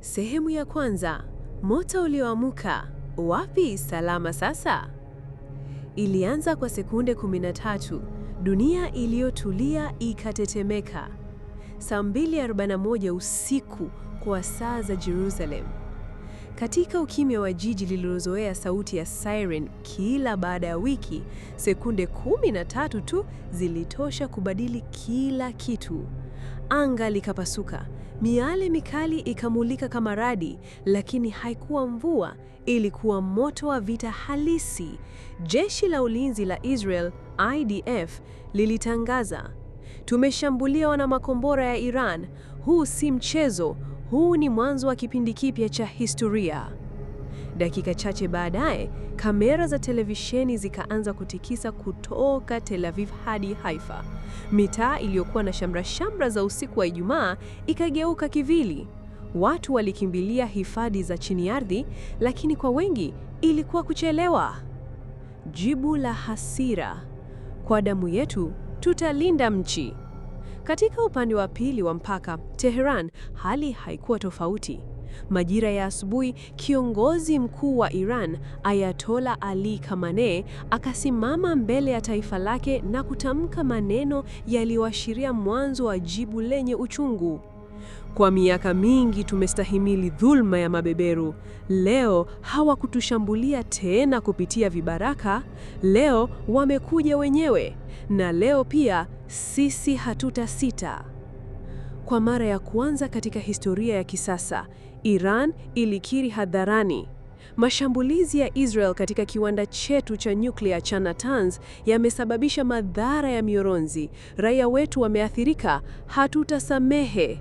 Sehemu ya kwanza: moto ulioamuka, wapi salama sasa? Ilianza kwa sekunde 13. Dunia iliyotulia ikatetemeka. Saa 2:41 usiku kwa saa za Jerusalem. Katika ukimya wa jiji lililozoea sauti ya siren kila baada ya wiki, sekunde 13 tu zilitosha kubadili kila kitu. Anga likapasuka, Miale mikali ikamulika kama radi, lakini haikuwa mvua, ilikuwa moto wa vita halisi. Jeshi la ulinzi la Israel, IDF, lilitangaza, tumeshambuliwa na makombora ya Iran. Huu si mchezo, huu ni mwanzo wa kipindi kipya cha historia. Dakika chache baadaye, kamera za televisheni zikaanza kutikisa kutoka Tel Aviv hadi Haifa. Mitaa iliyokuwa na shamra shamra za usiku wa Ijumaa ikageuka kivili. Watu walikimbilia hifadhi za chini ardhi, lakini kwa wengi ilikuwa kuchelewa. Jibu la hasira: kwa damu yetu tutalinda mchi Katika upande wa pili wa mpaka, Teheran, hali haikuwa tofauti. Majira ya asubuhi, kiongozi mkuu wa Iran Ayatola Ali Khamenei akasimama mbele ya taifa lake na kutamka maneno yaliyoashiria mwanzo wa jibu lenye uchungu. Kwa miaka mingi tumestahimili dhulma ya mabeberu. Leo hawakutushambulia tena kupitia vibaraka, leo wamekuja wenyewe, na leo pia sisi hatutasita. Kwa mara ya kwanza katika historia ya kisasa, Iran ilikiri hadharani, mashambulizi ya Israel katika kiwanda chetu cha nyuklia cha Natanz yamesababisha madhara ya mioronzi, raia wetu wameathirika, hatutasamehe.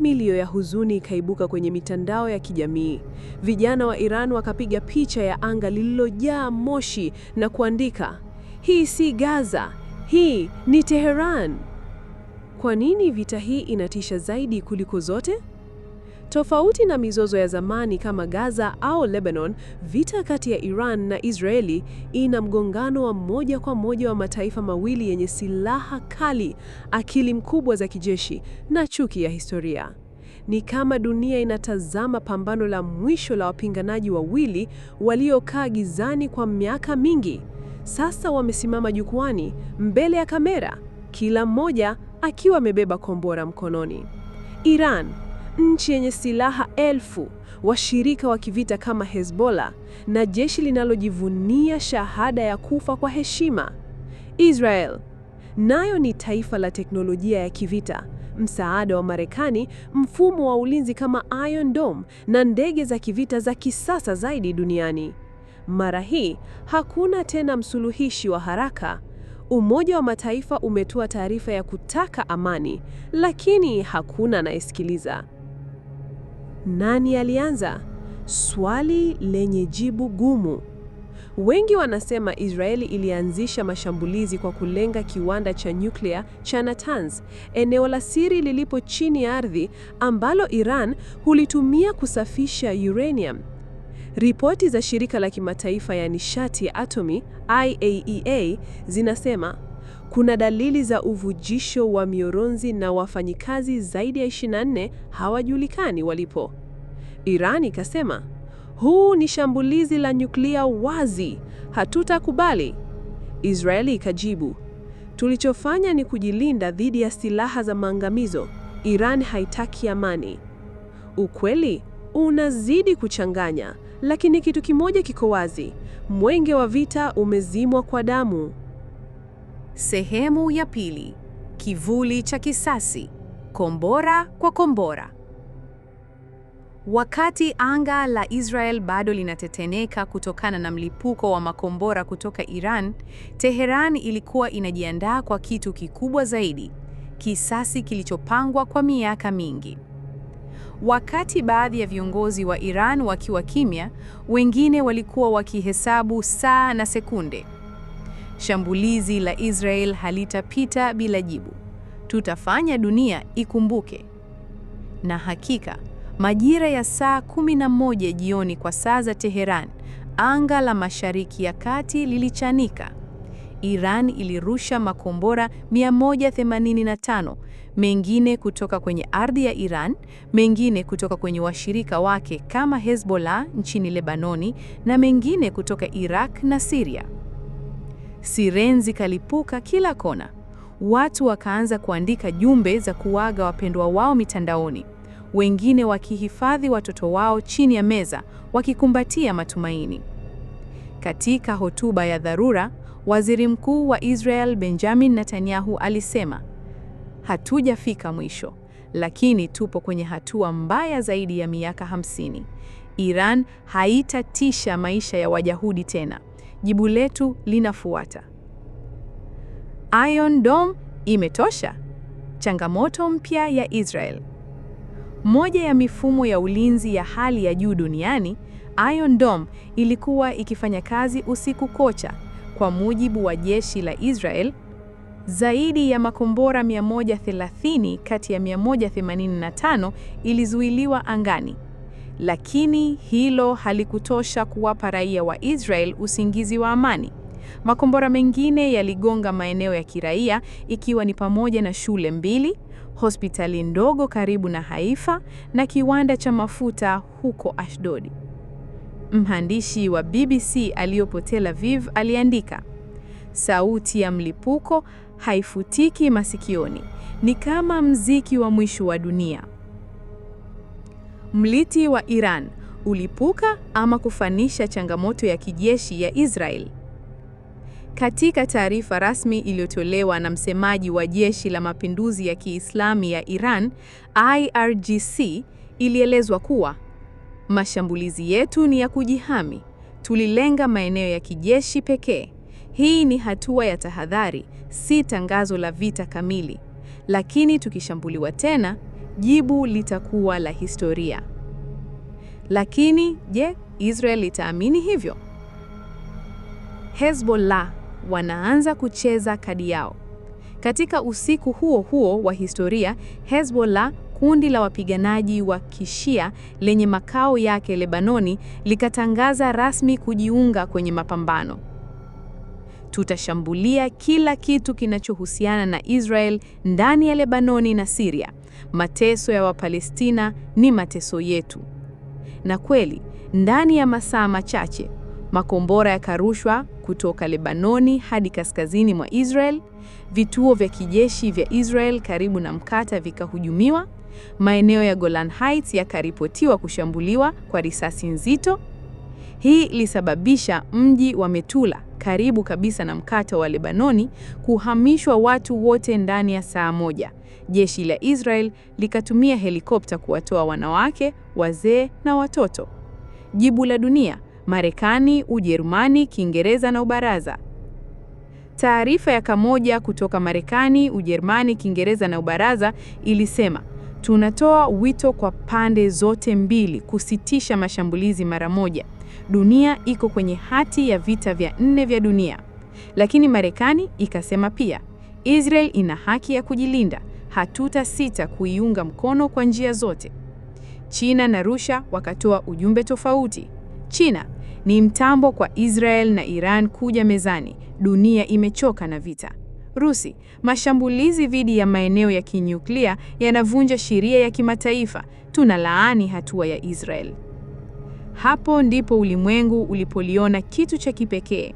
Milio ya huzuni ikaibuka kwenye mitandao ya kijamii. Vijana wa Iran wakapiga picha ya anga lililojaa moshi na kuandika, hii si Gaza, hii ni Teheran. Kwa nini vita hii inatisha zaidi kuliko zote? Tofauti na mizozo ya zamani kama Gaza au Lebanon, vita kati ya Iran na Israeli ina mgongano wa moja kwa moja wa mataifa mawili yenye silaha kali, akili mkubwa za kijeshi na chuki ya historia. Ni kama dunia inatazama pambano la mwisho la wapinganaji wawili waliokaa gizani kwa miaka mingi. Sasa wamesimama jukwani, mbele ya kamera, kila mmoja akiwa amebeba kombora mkononi. Iran, nchi yenye silaha elfu, washirika wa kivita kama Hezbollah na jeshi linalojivunia shahada ya kufa kwa heshima. Israel nayo ni taifa la teknolojia ya kivita, msaada wa Marekani, mfumo wa ulinzi kama Iron Dome na ndege za kivita za kisasa zaidi duniani. Mara hii hakuna tena msuluhishi wa haraka, Umoja wa Mataifa umetoa taarifa ya kutaka amani, lakini hakuna anayesikiliza. Nani alianza? Swali lenye jibu gumu. Wengi wanasema Israeli ilianzisha mashambulizi kwa kulenga kiwanda cha nyuklia cha Natanz, eneo la siri lilipo chini ya ardhi ambalo Iran hulitumia kusafisha uranium. Ripoti za shirika la kimataifa ya nishati ya atomi IAEA e zinasema kuna dalili za uvujisho wa mionzi na wafanyikazi zaidi ya 24 hawajulikani walipo. Iran ikasema, huu ni shambulizi la nyuklia wazi, hatutakubali. Israeli ikajibu, tulichofanya ni kujilinda dhidi ya silaha za maangamizo. Iran haitaki amani. Ukweli unazidi kuchanganya lakini kitu kimoja kiko wazi: mwenge wa vita umezimwa kwa damu. Sehemu ya pili: kivuli cha kisasi, kombora kwa kombora. Wakati anga la Israel bado linatetemeka kutokana na mlipuko wa makombora kutoka Iran, Teheran ilikuwa inajiandaa kwa kitu kikubwa zaidi, kisasi kilichopangwa kwa miaka mingi. Wakati baadhi ya viongozi wa Iran wakiwa kimya, wengine walikuwa wakihesabu saa na sekunde. Shambulizi la Israel halitapita bila jibu. Tutafanya dunia ikumbuke. Na hakika, majira ya saa 11 jioni kwa saa za Teheran, anga la Mashariki ya Kati lilichanika. Iran ilirusha makombora 185, mengine kutoka kwenye ardhi ya Iran, mengine kutoka kwenye washirika wake kama Hezbollah nchini Lebanoni na mengine kutoka Iraq na Syria. Sirenzi kalipuka kila kona. Watu wakaanza kuandika jumbe za kuaga wapendwa wao mitandaoni, wengine wakihifadhi watoto wao chini ya meza wakikumbatia matumaini. Katika hotuba ya dharura, Waziri Mkuu wa Israel Benjamin Netanyahu alisema, hatujafika mwisho, lakini tupo kwenye hatua mbaya zaidi ya miaka 50. Iran haitatisha maisha ya Wayahudi tena. Jibu letu linafuata. Iron Dome imetosha. Changamoto mpya ya Israel. Moja ya mifumo ya ulinzi ya hali ya juu duniani, Iron Dome ilikuwa ikifanya kazi usiku kocha kwa mujibu wa jeshi la Israel, zaidi ya makombora 130 kati ya 185 ilizuiliwa angani. Lakini hilo halikutosha kuwapa raia wa Israel usingizi wa amani. Makombora mengine yaligonga maeneo ya kiraia ikiwa ni pamoja na shule mbili, hospitali ndogo karibu na Haifa na kiwanda cha mafuta huko Ashdodi. Mhandishi wa BBC aliyopo Tel aliandika, sauti ya mlipuko haifutiki masikioni, ni kama mziki wa mwisho wa dunia. Mliti wa Iran ulipuka ama kufanisha changamoto ya kijeshi ya Israel. Katika taarifa rasmi iliyotolewa na msemaji wa Jeshi la Mapinduzi ya kiislamu ya Iran, IRGC, ilielezwa kuwa Mashambulizi yetu ni ya kujihami, tulilenga maeneo ya kijeshi pekee. Hii ni hatua ya tahadhari, si tangazo la vita kamili. Lakini tukishambuliwa tena, jibu litakuwa la historia. Lakini je, Israel itaamini hivyo? Hezbollah wanaanza kucheza kadi yao. Katika usiku huo huo wa historia, Hezbollah kundi la wapiganaji wa Kishia lenye makao yake Lebanoni likatangaza rasmi kujiunga kwenye mapambano. Tutashambulia kila kitu kinachohusiana na Israel ndani ya Lebanoni na Siria. Mateso ya Wapalestina ni mateso yetu. Na kweli, ndani ya masaa machache makombora yakarushwa kutoka Lebanoni hadi kaskazini mwa Israel. Vituo vya kijeshi vya Israel karibu na mkata vikahujumiwa, Maeneo ya Golan Heights yakaripotiwa kushambuliwa kwa risasi nzito. Hii ilisababisha mji wa Metula, karibu kabisa na mkato wa Lebanoni, kuhamishwa watu wote ndani ya saa moja. Jeshi la Israel likatumia helikopta kuwatoa wanawake, wazee na watoto. Jibu la dunia: Marekani, Ujerumani, Kiingereza na Ubaraza. Taarifa ya kamoja kutoka Marekani, Ujerumani, Kiingereza na Ubaraza ilisema Tunatoa wito kwa pande zote mbili kusitisha mashambulizi mara moja. Dunia iko kwenye hati ya vita vya nne vya dunia. Lakini Marekani ikasema pia, Israel ina haki ya kujilinda. Hatutasita kuiunga mkono kwa njia zote. China na Rusha wakatoa ujumbe tofauti. China ni mtambo kwa Israel na Iran kuja mezani. Dunia imechoka na vita. Rusi, mashambulizi dhidi ya maeneo ya kinyuklia yanavunja sheria ya kimataifa. Tunalaani hatua ya Israel. Hapo ndipo ulimwengu ulipoliona kitu cha kipekee.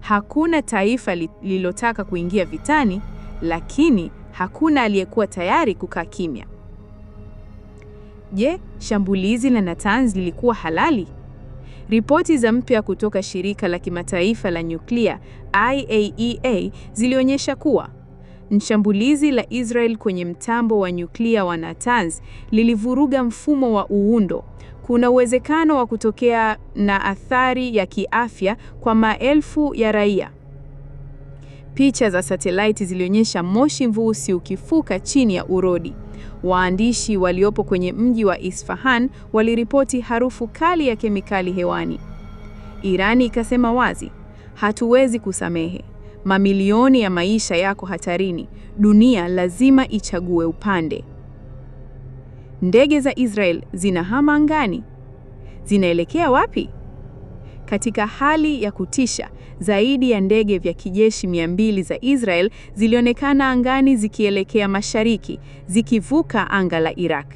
Hakuna taifa lililotaka kuingia vitani, lakini hakuna aliyekuwa tayari kukaa kimya. Je, shambulizi la Natanz lilikuwa halali? Ripoti za mpya kutoka shirika la kimataifa la nyuklia IAEA e zilionyesha kuwa shambulizi la Israel kwenye mtambo wa nyuklia wa Natanz lilivuruga mfumo wa uundo. Kuna uwezekano wa kutokea na athari ya kiafya kwa maelfu ya raia. Picha za satelaiti zilionyesha moshi mweusi ukifuka chini ya urodi. Waandishi waliopo kwenye mji wa Isfahan waliripoti harufu kali ya kemikali hewani. Irani ikasema wazi, hatuwezi kusamehe. Mamilioni ya maisha yako hatarini. Dunia lazima ichague upande. Ndege za Israel zinahama angani. Zinaelekea wapi? Katika hali ya kutisha, zaidi ya ndege vya kijeshi 200 za Israel zilionekana angani zikielekea mashariki, zikivuka anga la Iraq.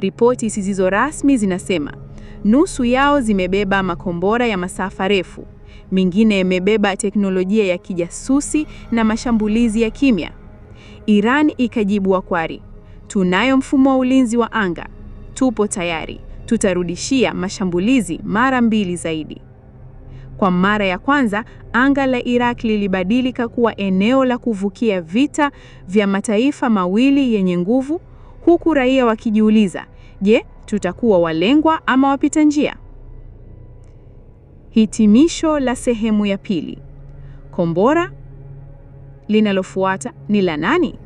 Ripoti zisizo rasmi zinasema nusu yao zimebeba makombora ya masafa refu, mingine imebeba teknolojia ya kijasusi na mashambulizi ya kimya. Iran ikajibu wakwari, tunayo mfumo wa ulinzi wa anga, tupo tayari, tutarudishia mashambulizi mara mbili zaidi. Kwa mara ya kwanza, anga la Iraq lilibadilika kuwa eneo la kuvukia vita vya mataifa mawili yenye nguvu, huku raia wakijiuliza, je, tutakuwa walengwa ama wapita njia? Hitimisho la sehemu ya pili. Kombora linalofuata ni la nani?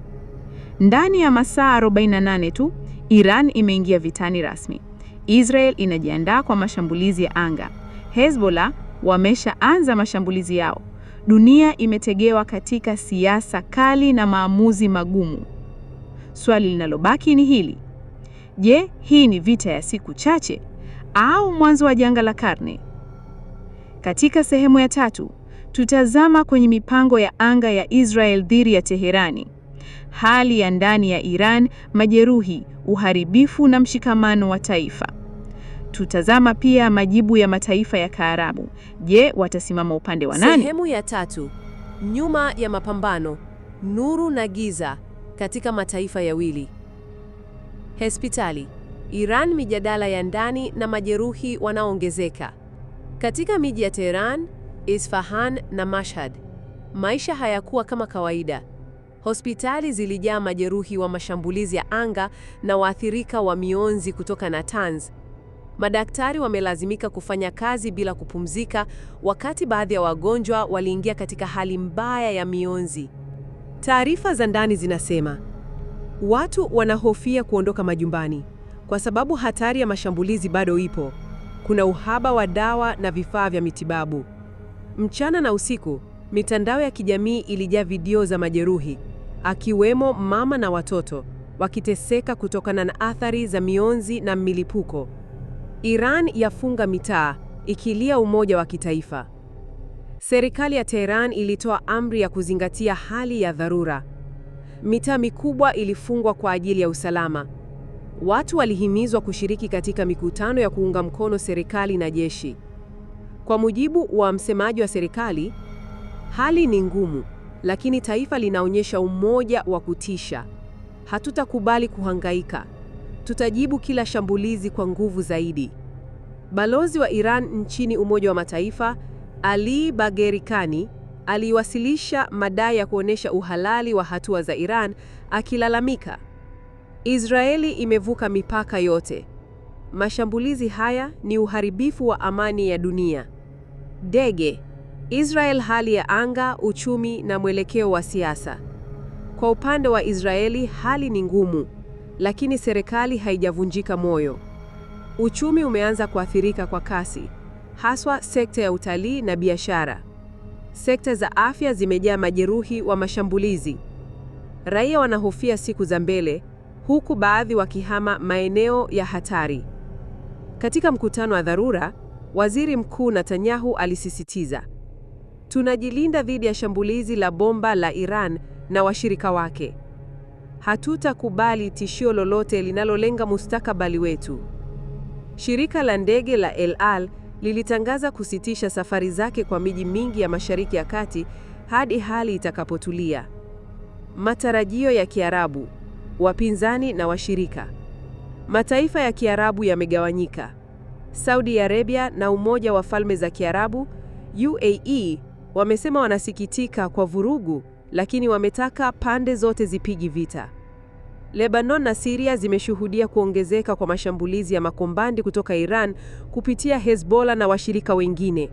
Ndani ya masaa 48 tu, Iran imeingia vitani rasmi. Israel inajiandaa kwa mashambulizi ya anga. Hezbollah wameshaanza mashambulizi yao. Dunia imetegewa katika siasa kali na maamuzi magumu. Swali linalobaki ni hili: je, hii ni vita ya siku chache au mwanzo wa janga la karne? Katika sehemu ya tatu tutazama kwenye mipango ya anga ya Israel dhidi ya Teherani, hali ya ndani ya Iran, majeruhi, uharibifu na mshikamano wa taifa. Tutazama pia majibu ya mataifa ya kaarabu Je, watasimama upande wa nani? Sehemu ya tatu: nyuma ya mapambano, nuru na giza katika mataifa yawili. Hospitali Iran, mijadala ya ndani na majeruhi wanaoongezeka katika miji ya Tehran, Isfahan na Mashhad. Maisha hayakuwa kama kawaida. Hospitali zilijaa majeruhi wa mashambulizi ya anga na waathirika wa mionzi kutoka Natanz. Madaktari wamelazimika kufanya kazi bila kupumzika, wakati baadhi ya wagonjwa waliingia katika hali mbaya ya mionzi. Taarifa za ndani zinasema watu wanahofia kuondoka majumbani kwa sababu hatari ya mashambulizi bado ipo. Kuna uhaba wa dawa na vifaa vya matibabu. Mchana na usiku, mitandao ya kijamii ilijaa video za majeruhi, akiwemo mama na watoto wakiteseka kutokana na athari za mionzi na milipuko. Iran yafunga mitaa ikilia umoja wa kitaifa. Serikali ya Tehran ilitoa amri ya kuzingatia hali ya dharura. Mitaa mikubwa ilifungwa kwa ajili ya usalama. Watu walihimizwa kushiriki katika mikutano ya kuunga mkono serikali na jeshi. Kwa mujibu wa msemaji wa serikali, hali ni ngumu, lakini taifa linaonyesha umoja wa kutisha. Hatutakubali kuhangaika tutajibu kila shambulizi kwa nguvu zaidi. Balozi wa Iran nchini Umoja wa Mataifa, Ali Bagherikani, aliwasilisha madai ya kuonesha uhalali wa hatua za Iran akilalamika, Israeli imevuka mipaka yote. Mashambulizi haya ni uharibifu wa amani ya dunia. Ndege, Israel, hali ya anga, uchumi na mwelekeo wa siasa. Kwa upande wa Israeli, hali ni ngumu lakini serikali haijavunjika moyo. Uchumi umeanza kuathirika kwa kasi, haswa sekta ya utalii na biashara. Sekta za afya zimejaa majeruhi wa mashambulizi. Raia wanahofia siku za mbele, huku baadhi wakihama maeneo ya hatari. Katika mkutano wa dharura, Waziri Mkuu Netanyahu alisisitiza, tunajilinda dhidi ya shambulizi la bomba la Iran na washirika wake hatutakubali tishio lolote linalolenga mustakabali wetu. Shirika la ndege la El Al lilitangaza kusitisha safari zake kwa miji mingi ya Mashariki ya Kati hadi hali itakapotulia. Matarajio ya Kiarabu, wapinzani na washirika. Mataifa ya Kiarabu yamegawanyika. Saudi Arabia na Umoja wa Falme za Kiarabu, UAE, wamesema wanasikitika kwa vurugu lakini wametaka pande zote zipigi vita. Lebanon na Syria zimeshuhudia kuongezeka kwa mashambulizi ya makombandi kutoka Iran kupitia Hezbollah na washirika wengine.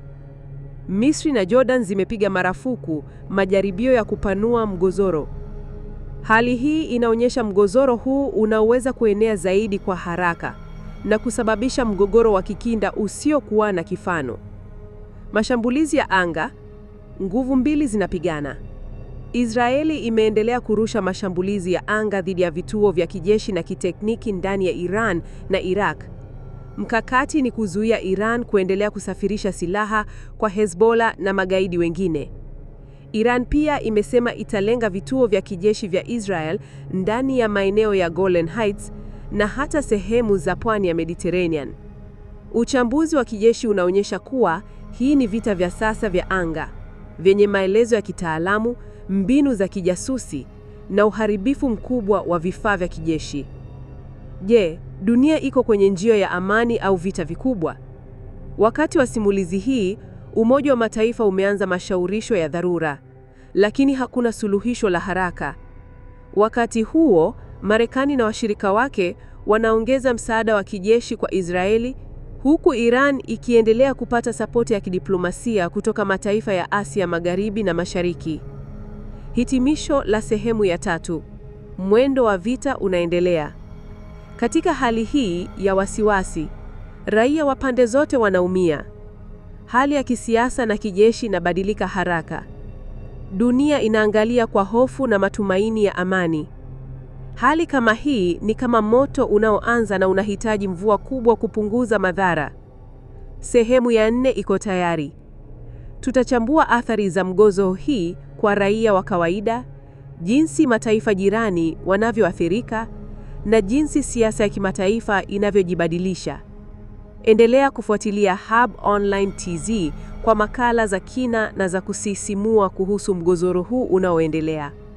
Misri na Jordan zimepiga marufuku majaribio ya kupanua mgozoro Hali hii inaonyesha mgozoro huu unaweza kuenea zaidi kwa haraka na kusababisha mgogoro wa kikinda usiokuwa na kifano. Mashambulizi ya anga, nguvu mbili zinapigana. Israeli imeendelea kurusha mashambulizi ya anga dhidi ya vituo vya kijeshi na kitekniki ndani ya Iran na Iraq. Mkakati ni kuzuia Iran kuendelea kusafirisha silaha kwa Hezbollah na magaidi wengine. Iran pia imesema italenga vituo vya kijeshi vya Israel ndani ya maeneo ya Golan Heights na hata sehemu za pwani ya Mediterranean. Uchambuzi wa kijeshi unaonyesha kuwa hii ni vita vya sasa vya anga vyenye maelezo ya kitaalamu mbinu za kijasusi na uharibifu mkubwa wa vifaa vya kijeshi. Je, dunia iko kwenye njia ya amani au vita vikubwa? Wakati wa simulizi hii, Umoja wa Mataifa umeanza mashaurisho ya dharura, lakini hakuna suluhisho la haraka. Wakati huo, Marekani na washirika wake wanaongeza msaada wa kijeshi kwa Israeli, huku Iran ikiendelea kupata sapoti ya kidiplomasia kutoka mataifa ya Asia Magharibi na Mashariki. Hitimisho la sehemu ya tatu. Mwendo wa vita unaendelea. Katika hali hii ya wasiwasi, raia wa pande zote wanaumia. Hali ya kisiasa na kijeshi inabadilika haraka. Dunia inaangalia kwa hofu na matumaini ya amani. Hali kama hii ni kama moto unaoanza na unahitaji mvua kubwa kupunguza madhara. Sehemu ya nne iko tayari. Tutachambua athari za mgozo hii kwa raia wa kawaida, jinsi mataifa jirani wanavyoathirika na jinsi siasa ya kimataifa inavyojibadilisha. Endelea kufuatilia Hub Online TZ kwa makala za kina na za kusisimua kuhusu mgogoro huu unaoendelea.